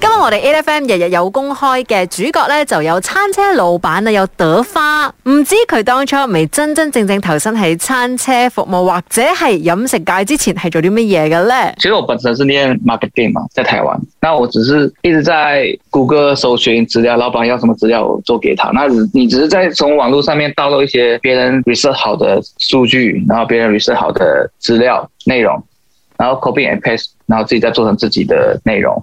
今日我哋 AFM 日日有公開嘅主角呢，就有餐車老闆啊，有德發，唔知佢當初咪真真正正投身喺餐車服務或者係飲食界之前係做啲乜嘢嘅咧？其實我本身是念 marketing 嘛，在台灣，那我只是一直在 Google 搜尋資料，老闆要什麼資料我做給他，那你只是在從網絡上面盜漏一些別人 research 好的數據，然後別人 research 好的資料內容，然後 copy and paste，然後自己再做成自己的內容。